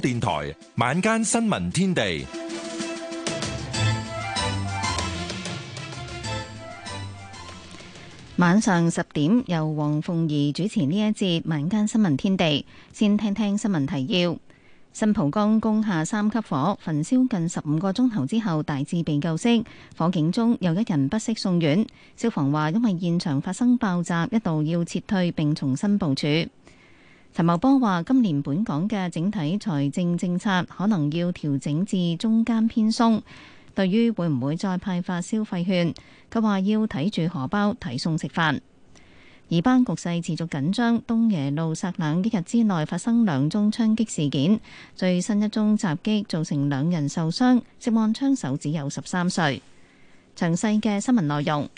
電台晚間新聞天地，晚上十點由黃鳳儀主持呢一節晚間新聞天地，先聽聽新聞提要：新蒲崗工廈三級火，焚燒近十五個鐘頭之後，大致被救熄。火警中有一人不適送院，消防話因為現場發生爆炸，一度要撤退並重新部署。陳茂波話：今年本港嘅整體財政政策可能要調整至中間偏鬆。對於會唔會再派發消費券，佢話要睇住荷包睇餸食飯。而班局勢持續緊張，東耶路撒冷一日之內發生兩宗槍擊事件，最新一宗襲擊造成兩人受傷，涉案槍手只有十三歲。詳細嘅新聞內容。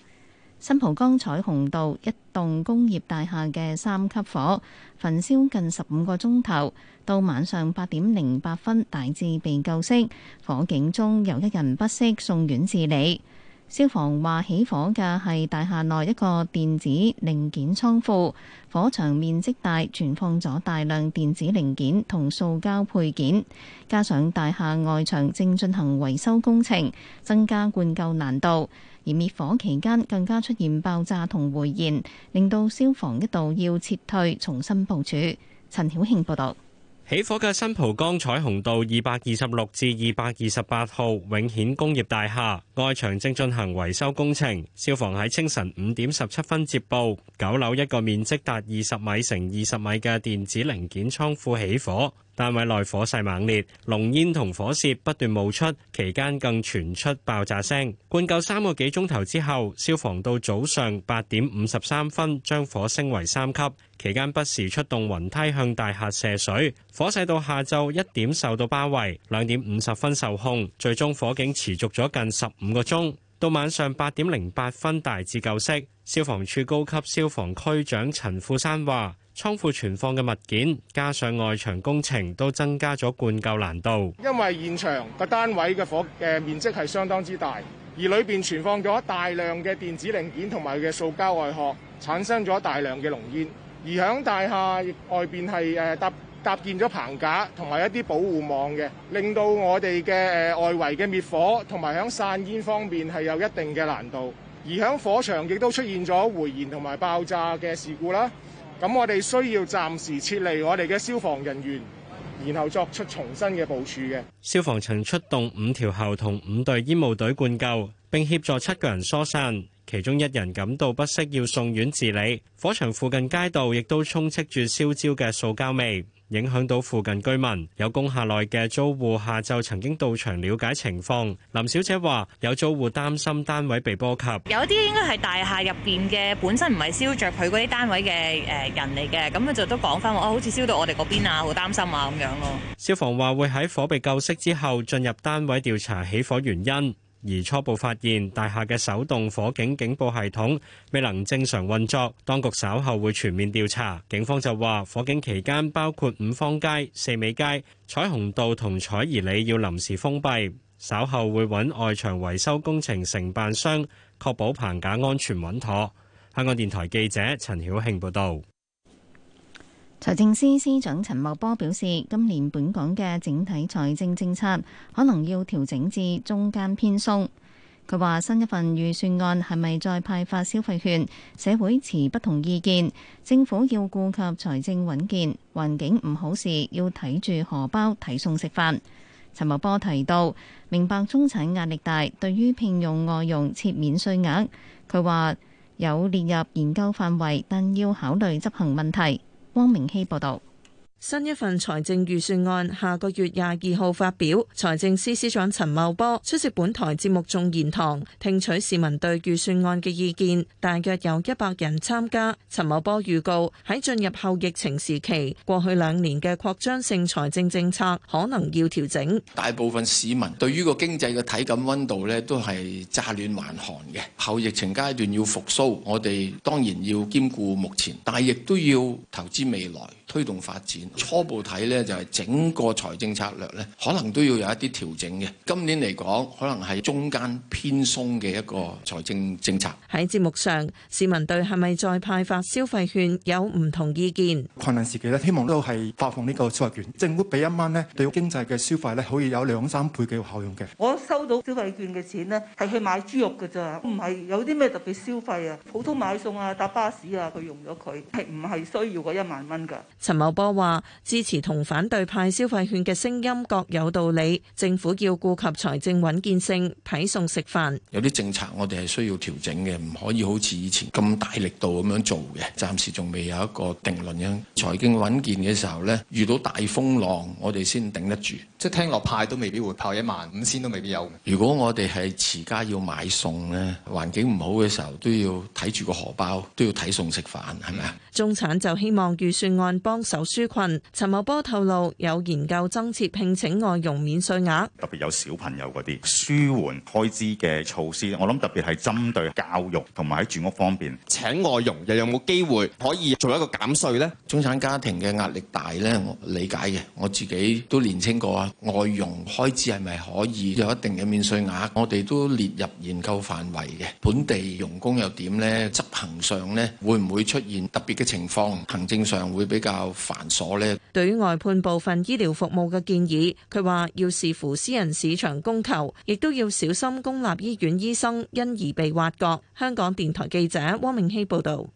新蒲崗彩虹道一棟工業大廈嘅三級火，焚燒近十五個鐘頭，到晚上八點零八分大致被救熄。火警中有一人不適，送院治理。消防話起火嘅係大廈內一個電子零件倉庫，火場面積大，存放咗大量電子零件同塑膠配件。加上大廈外牆正進行維修工程，增加灌救難度。而滅火期間更加出現爆炸同回燃，令到消防一度要撤退，重新部署。陳曉慶報道。起火嘅新蒲崗彩虹道二百二十六至二百二十八號永顯工業大廈外牆正進行維修工程，消防喺清晨五點十七分接報，九樓一個面積達二十米乘二十米嘅電子零件倉庫起火。單位內火勢猛烈，濃煙同火舌不斷冒出，期間更傳出爆炸聲。灌救三個幾鐘頭之後，消防到早上八點五十三分將火升為三級，期間不時出動雲梯向大廈射水。火勢到下晝一點受到包圍，兩點五十分受控，最終火警持續咗近十五個鐘，到晚上八點零八分大致救熄。消防處高級消防區長陳富山話：倉庫存放嘅物件，加上外牆工程，都增加咗灌救難度。因為現場個單位嘅火嘅、呃、面積係相當之大，而裏邊存放咗大量嘅電子零件同埋嘅塑膠外殼，產生咗大量嘅濃煙。而響大廈外邊係誒搭搭建咗棚架同埋一啲保護網嘅，令到我哋嘅誒外圍嘅滅火同埋響散煙方面係有一定嘅難度。而響火場亦都出現咗回燃同埋爆炸嘅事故啦。咁我哋需要暫時撤離我哋嘅消防人員，然後作出重新嘅部署嘅。消防曾出動五條喉同五隊煙帽隊灌救，並協助七個人疏散。其中一人感到不適，要送院治理。火場附近街道亦都充斥住燒焦嘅塑膠味，影響到附近居民。有工廈內嘅租戶下晝曾經到場了解情況，林小姐話有租戶擔心單位被波及，有啲應該係大廈入邊嘅本身唔係燒着佢嗰啲單位嘅誒人嚟嘅，咁佢就都講翻話，哦，好似燒到我哋嗰邊啊，好擔心啊咁樣咯。消防話會喺火被救熄之後進入單位調查起火原因。而初步發現，大廈嘅手動火警警報系統未能正常運作，當局稍後會全面調查。警方就話，火警期間包括五芳街、四美街、彩虹道同彩頤里要臨時封閉，稍後會揾外牆維修工程承辦商確保棚架安全穩妥。香港電台記者陳曉慶報道。財政司司長陳茂波表示，今年本港嘅整體財政政策可能要調整至中間偏鬆。佢話新一份預算案係咪再派發消費券，社會持不同意見。政府要顧及財政穩健，環境唔好時要睇住荷包睇餸食飯。陳茂波提到，明白中產壓力大，對於聘用外傭設免稅額，佢話有列入研究範圍，但要考慮執行問題。汪明熙報道。新一份財政預算案下個月廿二號發表，財政司司長陳茂波出席本台節目眾言堂，聽取市民對預算案嘅意見。大約有一百人參加。陳茂波預告喺進入後疫情時期，過去兩年嘅擴張性財政政策可能要調整。大部分市民對於個經濟嘅體感溫度咧，都係乍暖還寒嘅。後疫情階段要復甦，我哋當然要兼顧目前，但係亦都要投資未來，推動發展。初步睇咧，就係整個財政策略咧，可能都要有一啲調整嘅。今年嚟講，可能係中間偏鬆嘅一個財政政策。喺節目上，市民對係咪再派發消費券有唔同意見。困難時期咧，希望都係發放呢個消費券。政府俾一蚊呢，對經濟嘅消費咧，可以有兩三倍嘅效用嘅。我收到消費券嘅錢呢，係去買豬肉㗎咋，唔係有啲咩特別消費啊？普通買餸啊、搭巴士啊，佢用咗佢，係唔係需要嗰一萬蚊㗎？陳茂波話。支持同反對派消費券嘅聲音各有道理，政府要顧及財政穩健性，睇餸食飯。有啲政策我哋係需要調整嘅，唔可以好似以前咁大力度咁樣做嘅。暫時仲未有一個定論。樣財經穩健嘅時候呢，遇到大風浪，我哋先頂得住。即係聽落派都未必會派一萬五千都未必有。如果我哋係持家要買餸咧，環境唔好嘅時候都要睇住個荷包，都要睇餸食飯，係咪啊？中產就希望預算案幫手紓困。陳茂波透露有研究增設聘請外傭免稅額，特別有小朋友嗰啲舒緩開支嘅措施，我諗特別係針對教育同埋喺住屋方面，請外傭又有冇機會可以做一個減稅呢？中產家庭嘅壓力大呢？我理解嘅，我自己都年輕過啊。外傭開支係咪可以有一定嘅免稅額？我哋都列入研究範圍嘅，本地傭工又點呢？執行上呢？會唔會出現特別嘅情況？行政上會比較繁瑣。對於外判部分醫療服務嘅建議，佢話要視乎私人市場供求，亦都要小心公立醫院醫生因而被挖角。香港電台記者汪明熙報導。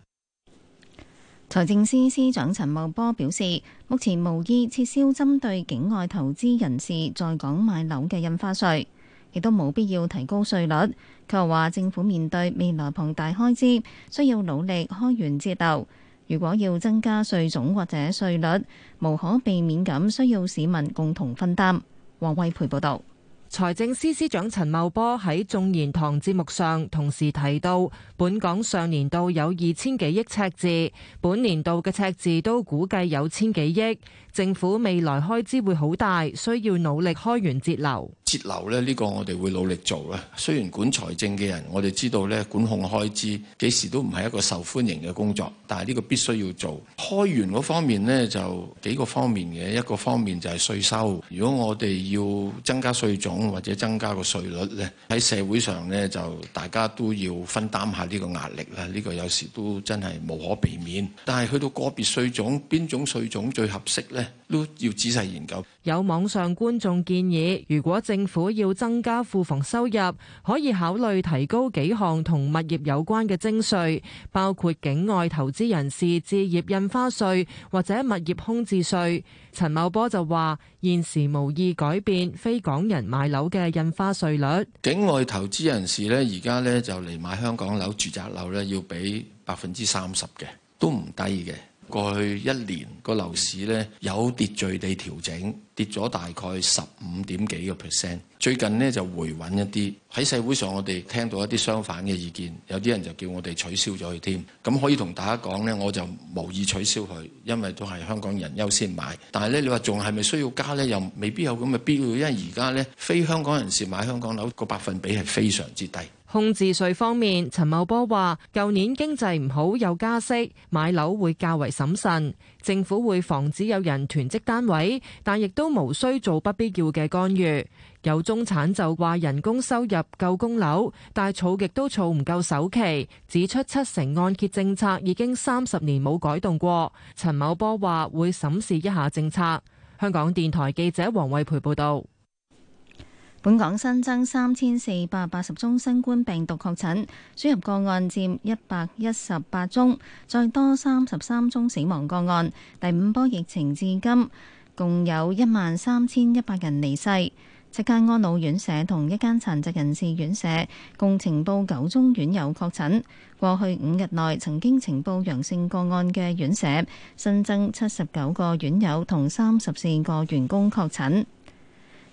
財政司司長陳茂波表示，目前無意撤銷針對境外投資人士在港買樓嘅印花稅，亦都冇必要提高稅率。佢又話，政府面對未來龐大開支，需要努力開源節流。如果要增加稅種或者稅率，無可避免咁需要市民共同分擔。黃惠培報道，財政司司長陳茂波喺眾賢堂節目上同時提到，本港上年度有二千幾億赤字，本年度嘅赤字都估計有千幾億，政府未來開支會好大，需要努力開源節流。節流咧，呢個我哋會努力做啦。雖然管財政嘅人，我哋知道咧，管控開支幾時都唔係一個受歡迎嘅工作，但係呢個必須要做。開源嗰方面呢，就幾個方面嘅，一個方面就係稅收。如果我哋要增加稅種或者增加個稅率呢，喺社會上呢，就大家都要分擔下呢個壓力啦。呢個有時都真係無可避免。但係去到個別稅種，邊種稅種最合適呢？都要仔細研究。有網上觀眾建議，如果政府要增加庫房收入，可以考慮提高幾項同物業有關嘅徵稅，包括境外投資人士置業印花稅或者物業空置稅。陳茂波就話：現時無意改變非港人買樓嘅印花稅率。境外投資人士呢，而家呢就嚟買香港樓、住宅樓呢，要俾百分之三十嘅，都唔低嘅。過去一年個樓市呢，有秩序地調整，跌咗大概十五點幾個 percent。最近呢，就回穩一啲。喺社會上我哋聽到一啲相反嘅意見，有啲人就叫我哋取消咗佢添。咁可以同大家講呢，我就無意取消佢，因為都係香港人優先買。但係呢，你話仲係咪需要加呢？又未必有咁嘅必要，因為而家呢，非香港人士買香港樓個百分比係非常之低。控制稅方面，陳茂波話：舊年經濟唔好，有加息，買樓會較為審慎。政府會防止有人囤積單位，但亦都無需做不必要嘅干預。有中產就話人工收入夠供樓，但儲極都儲唔夠首期，指出七成按揭政策已經三十年冇改動過。陳茂波話會審視一下政策。香港電台記者黃慧培報道。本港新增三千四百八十宗新冠病毒確診，輸入個案佔一百一十八宗，再多三十三宗死亡個案。第五波疫情至今共有一萬三千一百人離世。七間安老院舍同一間殘疾人士院舍共呈報九宗院友確診。過去五日內曾經呈報陽性個案嘅院舍，新增七十九個院友同三十四個員工確診。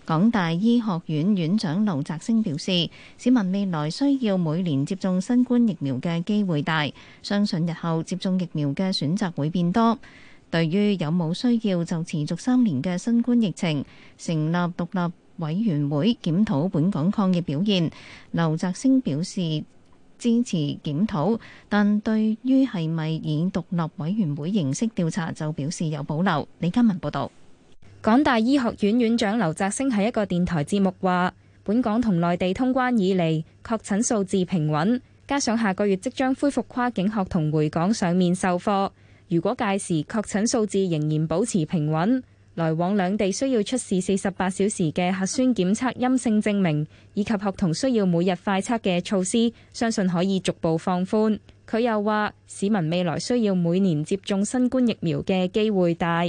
港大醫學院院長劉澤星表示，市民未來需要每年接種新冠疫苗嘅機會大，相信日後接種疫苗嘅選擇會變多。對於有冇需要就持續三年嘅新冠疫情，成立獨立委員會檢討本港抗疫表現，劉澤星表示支持檢討，但對於係咪以獨立委員會形式調查就表示有保留。李家文報道。港大醫學院院長劉澤星喺一個電台節目話，本港同內地通關以嚟，確診數字平穩，加上下個月即將恢復跨境學童回港上面授課，如果屆時確診數字仍然保持平穩，來往兩地需要出示四十八小時嘅核酸檢測陰性證明，以及學童需要每日快測嘅措施，相信可以逐步放寬。佢又話市民未來需要每年接種新冠疫苗嘅機會大。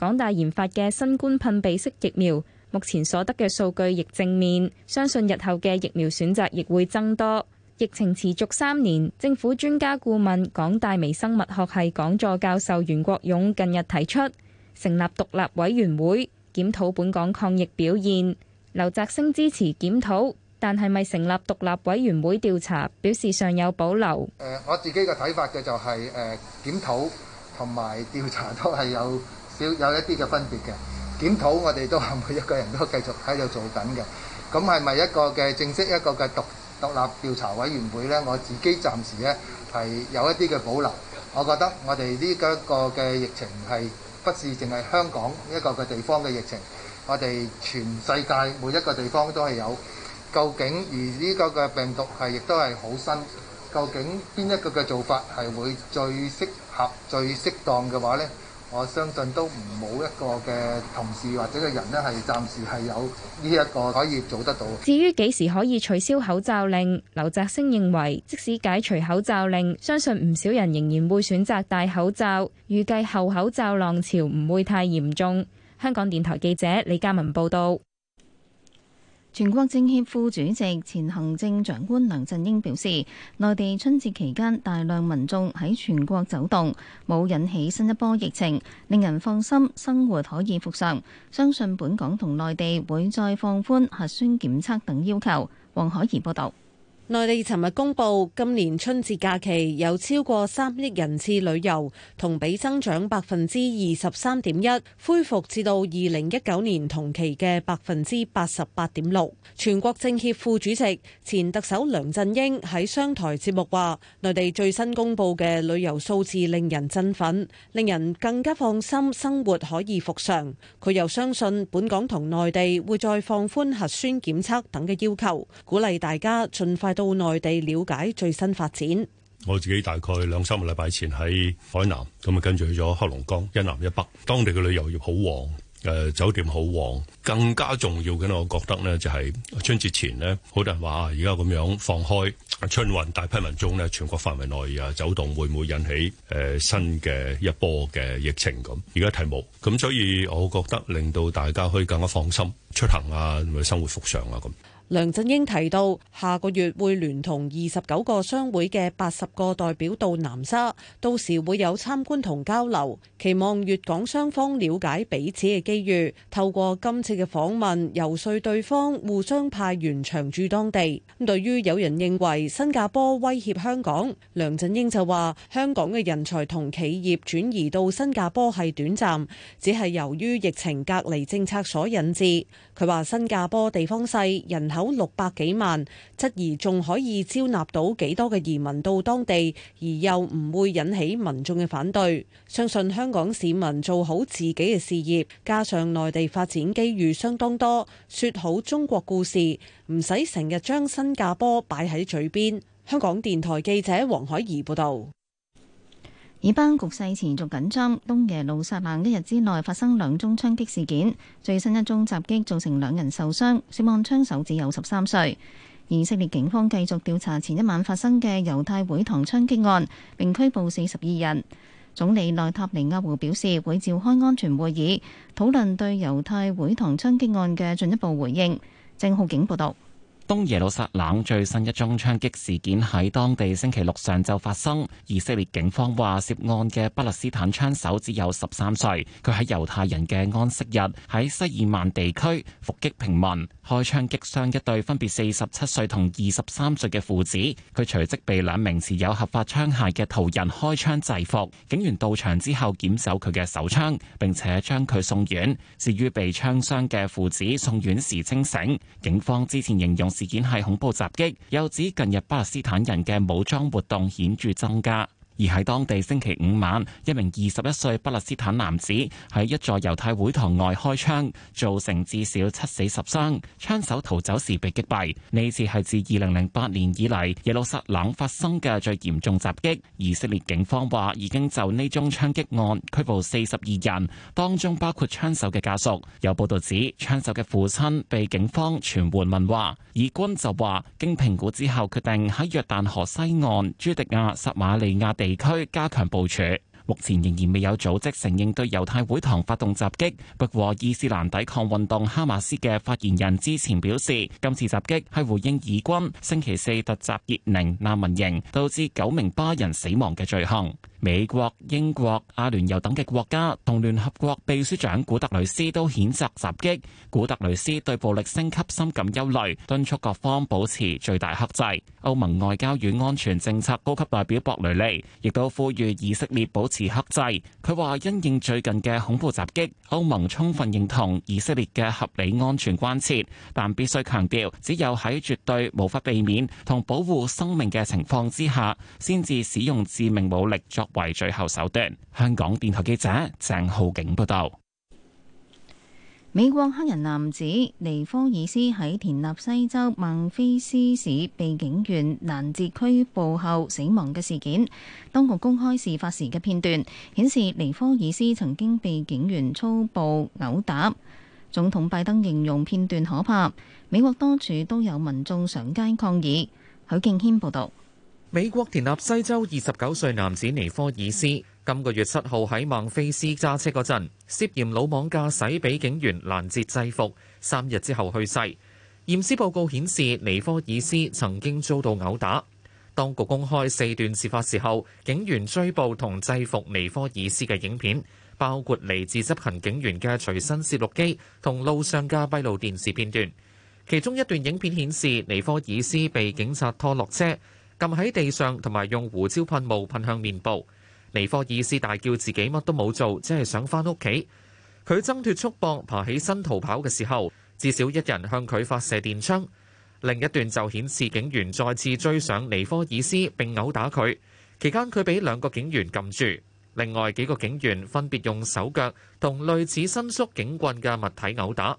港大研發嘅新冠噴鼻式疫苗，目前所得嘅數據亦正面，相信日後嘅疫苗選擇亦會增多。疫情持續三年，政府專家顧問、港大微生物學系講座教授袁國勇近日提出成立獨立委員會檢討本港抗疫表現。劉澤星支持檢討，但係咪成立獨立委員會調查，表示尚有保留。誒，我自己嘅睇法嘅就係誒檢討同埋調查都係有。有一啲嘅分別嘅，檢討我哋都係每一個人都繼續喺度做緊嘅。咁係咪一個嘅正式一個嘅獨獨立調查委員會呢？我自己暫時呢係有一啲嘅保留。我覺得我哋呢個個嘅疫情係不是淨係香港一個嘅地方嘅疫情，我哋全世界每一個地方都係有。究竟而呢個嘅病毒係亦都係好新，究竟邊一個嘅做法係會最適合、最適當嘅話呢？我相信都唔冇一個嘅同事或者嘅人呢係暫時係有呢一個可以做得到。至於幾時可以取消口罩令，劉澤星認為即使解除口罩令，相信唔少人仍然會選擇戴口罩。預計後口罩浪潮唔會太嚴重。香港電台記者李嘉文報道。全國政協副主席、前行政長官梁振英表示，內地春節期間大量民眾喺全國走動，冇引起新一波疫情，令人放心，生活可以復常，相信本港同內地會再放寬核酸檢測等要求。王海怡報道。內地尋日公布，今年春節假期有超過三億人次旅遊，同比增長百分之二十三點一，恢復至到二零一九年同期嘅百分之八十八點六。全國政協副主席、前特首梁振英喺商台節目話：內地最新公布嘅旅遊數字令人振奮，令人更加放心生活可以復常。佢又相信本港同內地會再放寬核酸檢測等嘅要求，鼓勵大家盡快，到內地了解最新發展，我自己大概兩三個禮拜前喺海南，咁啊跟住去咗黑龍江一南一北，當地嘅旅遊業好旺，誒酒店好旺，更加重要嘅我覺得呢就係春節前呢，好多人話啊，而家咁樣放開春運，大批民眾呢，全國範圍內啊走動，會唔會引起誒新嘅一波嘅疫情咁？而家睇冇，咁所以我覺得令到大家可以更加放心出行啊，生活復常啊咁。梁振英提到，下個月會聯同二十九個商會嘅八十個代表到南沙，到時會有參觀同交流，期望粵港雙方了解彼此嘅機遇。透過今次嘅訪問，遊說對方互相派員長駐當地。對於有人認為新加坡威脅香港，梁振英就話香港嘅人才同企業轉移到新加坡係短暫，只係由於疫情隔離政策所引致。佢話新加坡地方細，人口，有六百幾萬，質疑仲可以招納到幾多嘅移民到當地，而又唔會引起民眾嘅反對。相信香港市民做好自己嘅事業，加上內地發展機遇相當多，說好中國故事，唔使成日將新加坡擺喺嘴邊。香港電台記者黃海怡報道。以巴局勢持續緊張，東耶路撒冷一日之內發生兩宗槍擊事件，最新一宗襲擊造成兩人受傷，死亡槍手只有十三歲。以色列警方繼續調查前一晚發生嘅猶太會堂槍擊案，並拘捕四十二人。總理內塔尼亞胡表示會召開安全會議，討論對猶太會堂槍擊案嘅進一步回應。鄭浩景報道：東耶路撒冷最新一宗槍擊事件喺當地星期六上晝發生。以色列警方話，涉案嘅巴勒斯坦槍手只有十三歲，佢喺猶太人嘅安息日喺西爾曼地區伏擊平民，開槍擊傷一對分別四十七歲同二十三歲嘅父子。佢隨即被兩名持有合法槍械嘅途人開槍制服。警員到場之後，檢走佢嘅手槍，並且將佢送院。至於被槍傷嘅父子送院時清醒，警方之前形容事件係恐怖襲擊，又指近日巴勒斯坦人嘅武裝活動顯著增加。而喺當地星期五晚，一名二十一歲巴勒斯坦男子喺一座猶太會堂外開槍，造成至少七死十傷。槍手逃走時被擊斃。呢次係自二零零八年以嚟耶路撒冷發生嘅最嚴重襲擊。以色列警方話已經就呢宗槍擊案拘捕四十二人，當中包括槍手嘅家屬。有報道指槍手嘅父親被警方傳喚問話。以軍就話經評估之後決定喺約旦河西岸朱迪亞撒馬利亞地地區加強部署，目前仍然未有組織承認對猶太會堂發動襲擊。不過，伊斯蘭抵抗運動哈馬斯嘅發言人之前表示，今次襲擊係回應以軍星期四突襲傑寧難民營，導致九名巴人死亡嘅罪行。美國、英國、阿聯酋等嘅國家同聯合國秘書長古特雷斯都譴責襲擊，古特雷斯對暴力升級深感憂慮，敦促各方保持最大克制。歐盟外交與安全政策高級代表博雷利亦都呼籲以色列保持克制。佢話：因應最近嘅恐怖襲擊，歐盟充分認同以色列嘅合理安全關切，但必須強調，只有喺絕對無法避免同保護生命嘅情況之下，先至使用致命武力作為最後手段。香港電台記者鄭浩景報道：美國黑人男子尼科爾斯喺田納西州孟菲斯市被警員攔截拘捕後死亡嘅事件，當局公開事發時嘅片段，顯示尼科爾斯曾經被警員粗暴毆打。總統拜登形容片段可怕。美國多處都有民眾上街抗議。許敬軒報道。美國田納西州二十九歲男子尼科爾斯今個月七號喺孟菲斯揸車嗰陣，涉嫌魯莽駕駛，俾警員攔截制服。三日之後去世。驗屍報告顯示，尼科爾斯曾經遭到毆打。當局公開四段事發時候，警員追捕同制服尼科爾斯嘅影片，包括嚟自執行警員嘅隨身攝錄機同路上嘅閉路電視片段。其中一段影片顯示，尼科爾斯被警察拖落車。撳喺地上，同埋用胡椒噴霧噴向面部。尼科爾斯大叫自己乜都冇做，只係想翻屋企。佢掙脱束縛，爬起身逃跑嘅時候，至少一人向佢發射電槍。另一段就顯示警員再次追上尼科爾斯並毆打佢，期間佢畀兩個警員撳住。另外幾個警員分別用手腳同類似伸縮警棍嘅物體毆打。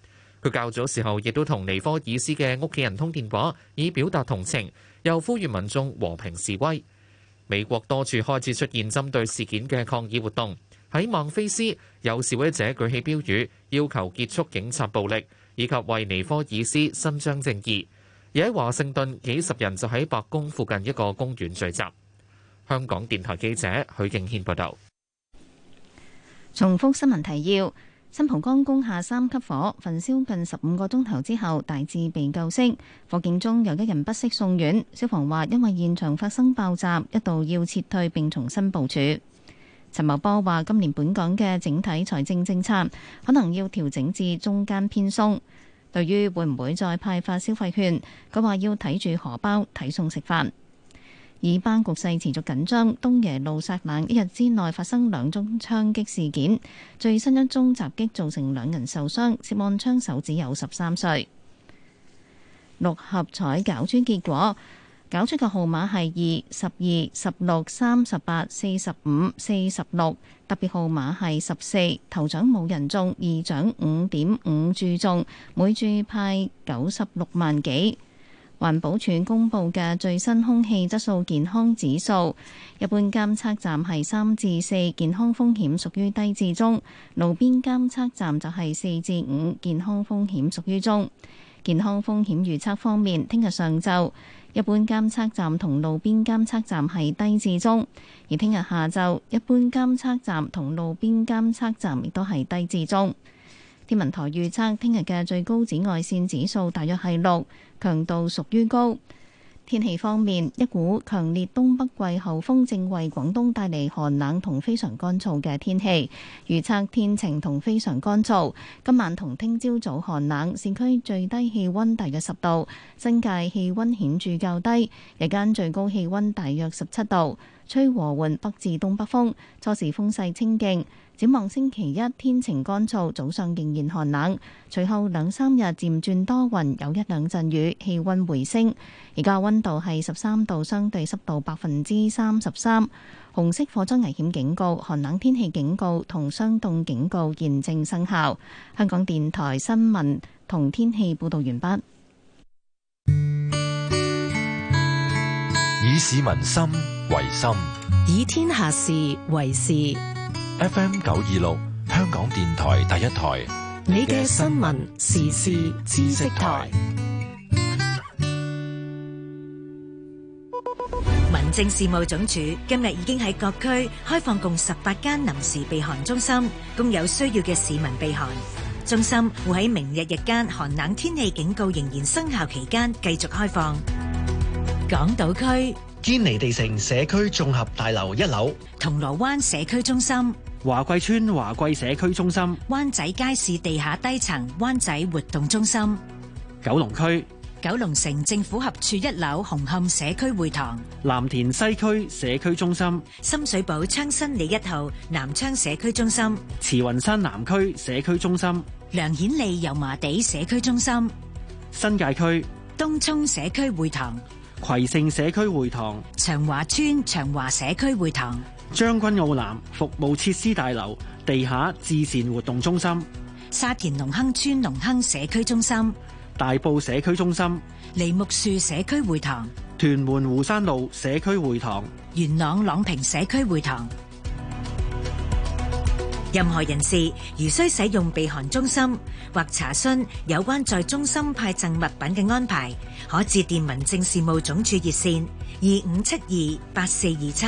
佢較早時候亦都同尼科爾斯嘅屋企人通電話，以表達同情，又呼籲民眾和平示威。美國多處開始出現針對事件嘅抗議活動。喺孟菲斯，有示威者舉起標語，要求結束警察暴力，以及為尼科爾斯伸張正義。而喺華盛頓，幾十人就喺白宮附近一個公園聚集。香港電台記者許敬軒報道。重複新聞提要。新蒲崗工廈三級火，焚燒近十五個鐘頭之後，大致被救熄。火警中有一人不適送院。消防話因為現場發生爆炸，一度要撤退並重新部署。陳茂波話：今年本港嘅整體財政政策可能要調整至中間偏鬆。對於會唔會再派發消費券，佢話要睇住荷包睇餸食飯。以巴局勢持續緊張，東耶路撒冷一日之內發生兩宗槍擊事件，最新一宗襲擊造成兩人受傷，涉案槍手只有十三歲。六合彩攪出結果，攪出嘅號碼係二、十二、十六、三十八、四十五、四十六，特別號碼係十四。頭獎冇人中，二獎五點五注中，每注派九十六萬幾。環保署公布嘅最新空氣質素健康指數，一般監測站係三至四，健康風險屬於低至中；路邊監測站就係四至五，健康風險屬於中。健康風險預測方面，聽日上晝，一般監測站同路邊監測站係低至中，而聽日下晝，一般監測站同路邊監測站亦都係低至中。天文台預測，聽日嘅最高紫外線指數大約係六。強度屬於高。天氣方面，一股強烈東北季候風正為廣東帶嚟寒冷同非常乾燥嘅天氣，預測天晴同非常乾燥。今晚同聽朝早寒冷，市區最低氣溫大約十度，新界氣溫顯著較低，日間最高氣溫大約十七度，吹和緩北至東北風，初時風勢清勁。展望星期一，天晴乾燥，早上仍然寒冷，隨後兩三日漸轉多雲，有一兩陣雨，氣溫回升。而家溫度係十三度，相對濕度百分之三十三。紅色火災危險警告、寒冷天氣警告同霜凍警告現正生效。香港電台新聞同天氣報道完畢。以市民心為心，以天下事為事。FM 九二六，香港電台第一台、你嘅新聞時事知識台。民政事務總署今日已經喺各區開放共十八間臨時避寒中心，供有需要嘅市民避寒。中心會喺明日日間寒冷天氣警告仍然生效期間繼續開放。港島區堅尼地城社區綜合大樓一樓、銅鑼灣社區中心。華貴村華貴社區中心、灣仔街市地下低層灣仔活動中心、九龍區九龍城政府合署一樓紅磡社區會堂、藍田西區社區中心、深水埗昌新里一號南昌社區中心、慈雲山南區社區中心、梁顯利油麻地社區中心、新界區東涌社區會堂、葵盛社區會堂、長華村長華社區會堂。將軍澳南服務設施大樓地下慈善活動中心、沙田隆亨村隆亨社區中心、大埔社區中心、梨木樹社區會堂、屯門湖山路社區會堂、元朗朗平社區會堂。任何人士如需使用避寒中心或查詢有關在中心派贈物品嘅安排，可致電民政事務總署熱線二五七二八四二七。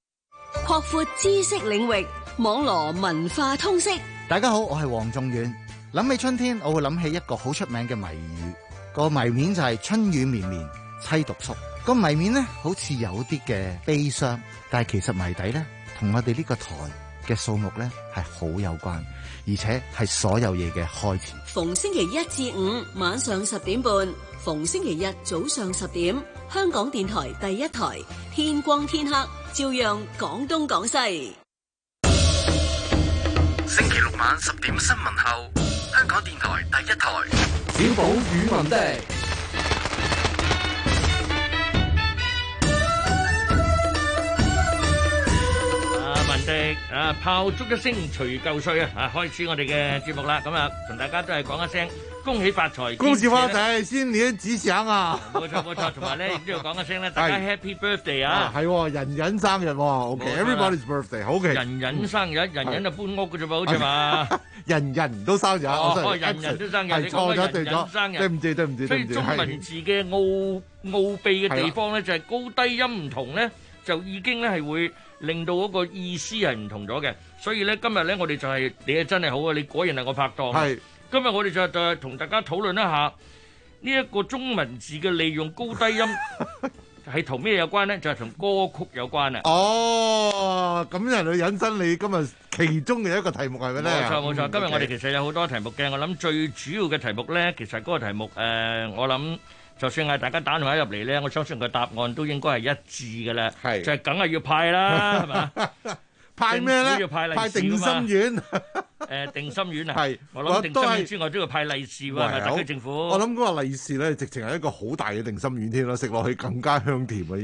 擴闊知識領域，網羅文化通識。大家好，我係黃仲遠。諗起春天，我會諗起一個好出名嘅謎語，個謎面就係春雨綿綿，妻獨宿。個謎面咧，好似有啲嘅悲傷，但係其實謎底咧，同我哋呢個台嘅數目咧係好有關，而且係所有嘢嘅開始。逢星期一至五晚上十點半，逢星期日早上十點，香港電台第一台天光天黑，照樣講東講西。星期六晚十點新聞後，香港電台第一台小寶語文帝。啊！炮竹一聲除舊歲啊！啊，開始我哋嘅節目啦。咁啊，同大家都係講一聲恭喜發財。恭喜花仔，先剪紙相啊！冇錯冇錯。同埋咧，都要講一聲咧，大家 Happy Birthday 啊！係，人人生日。OK everybody's birthday。好嘅，人人生日，人人就搬屋嘅啫嘛，好似嘛。人人都生日。人人都生日。你錯咗對咗。對唔住對唔住對唔住。所以中文字嘅奧奧秘嘅地方咧，就係高低音唔同咧。就已經咧係會令到嗰個意思係唔同咗嘅，所以咧今日咧我哋就係你係真係好啊，你果然係我拍檔。係，今日我哋就就同大家討論一下呢一個中文字嘅利用高低音係同咩有關咧？就係同歌曲有關啊。哦，咁有人去引申你今日其中嘅一個題目係咩咧？冇錯冇錯，今日我哋其實有好多題目嘅，我諗最主要嘅題目咧，其實嗰個題目誒，我諗。就算係大家打電話入嚟咧，我相信個答案都應該係一致嘅啦。係是，就係梗係要派啦，係 嘛？派咩咧？派定心丸。誒、 呃，定心丸啊！係是。我諗定心丸之外都要派利是喎， 喂政府。我諗嗰個利是咧，直情係一個好大嘅定心丸添咯，食落去更加香甜啊！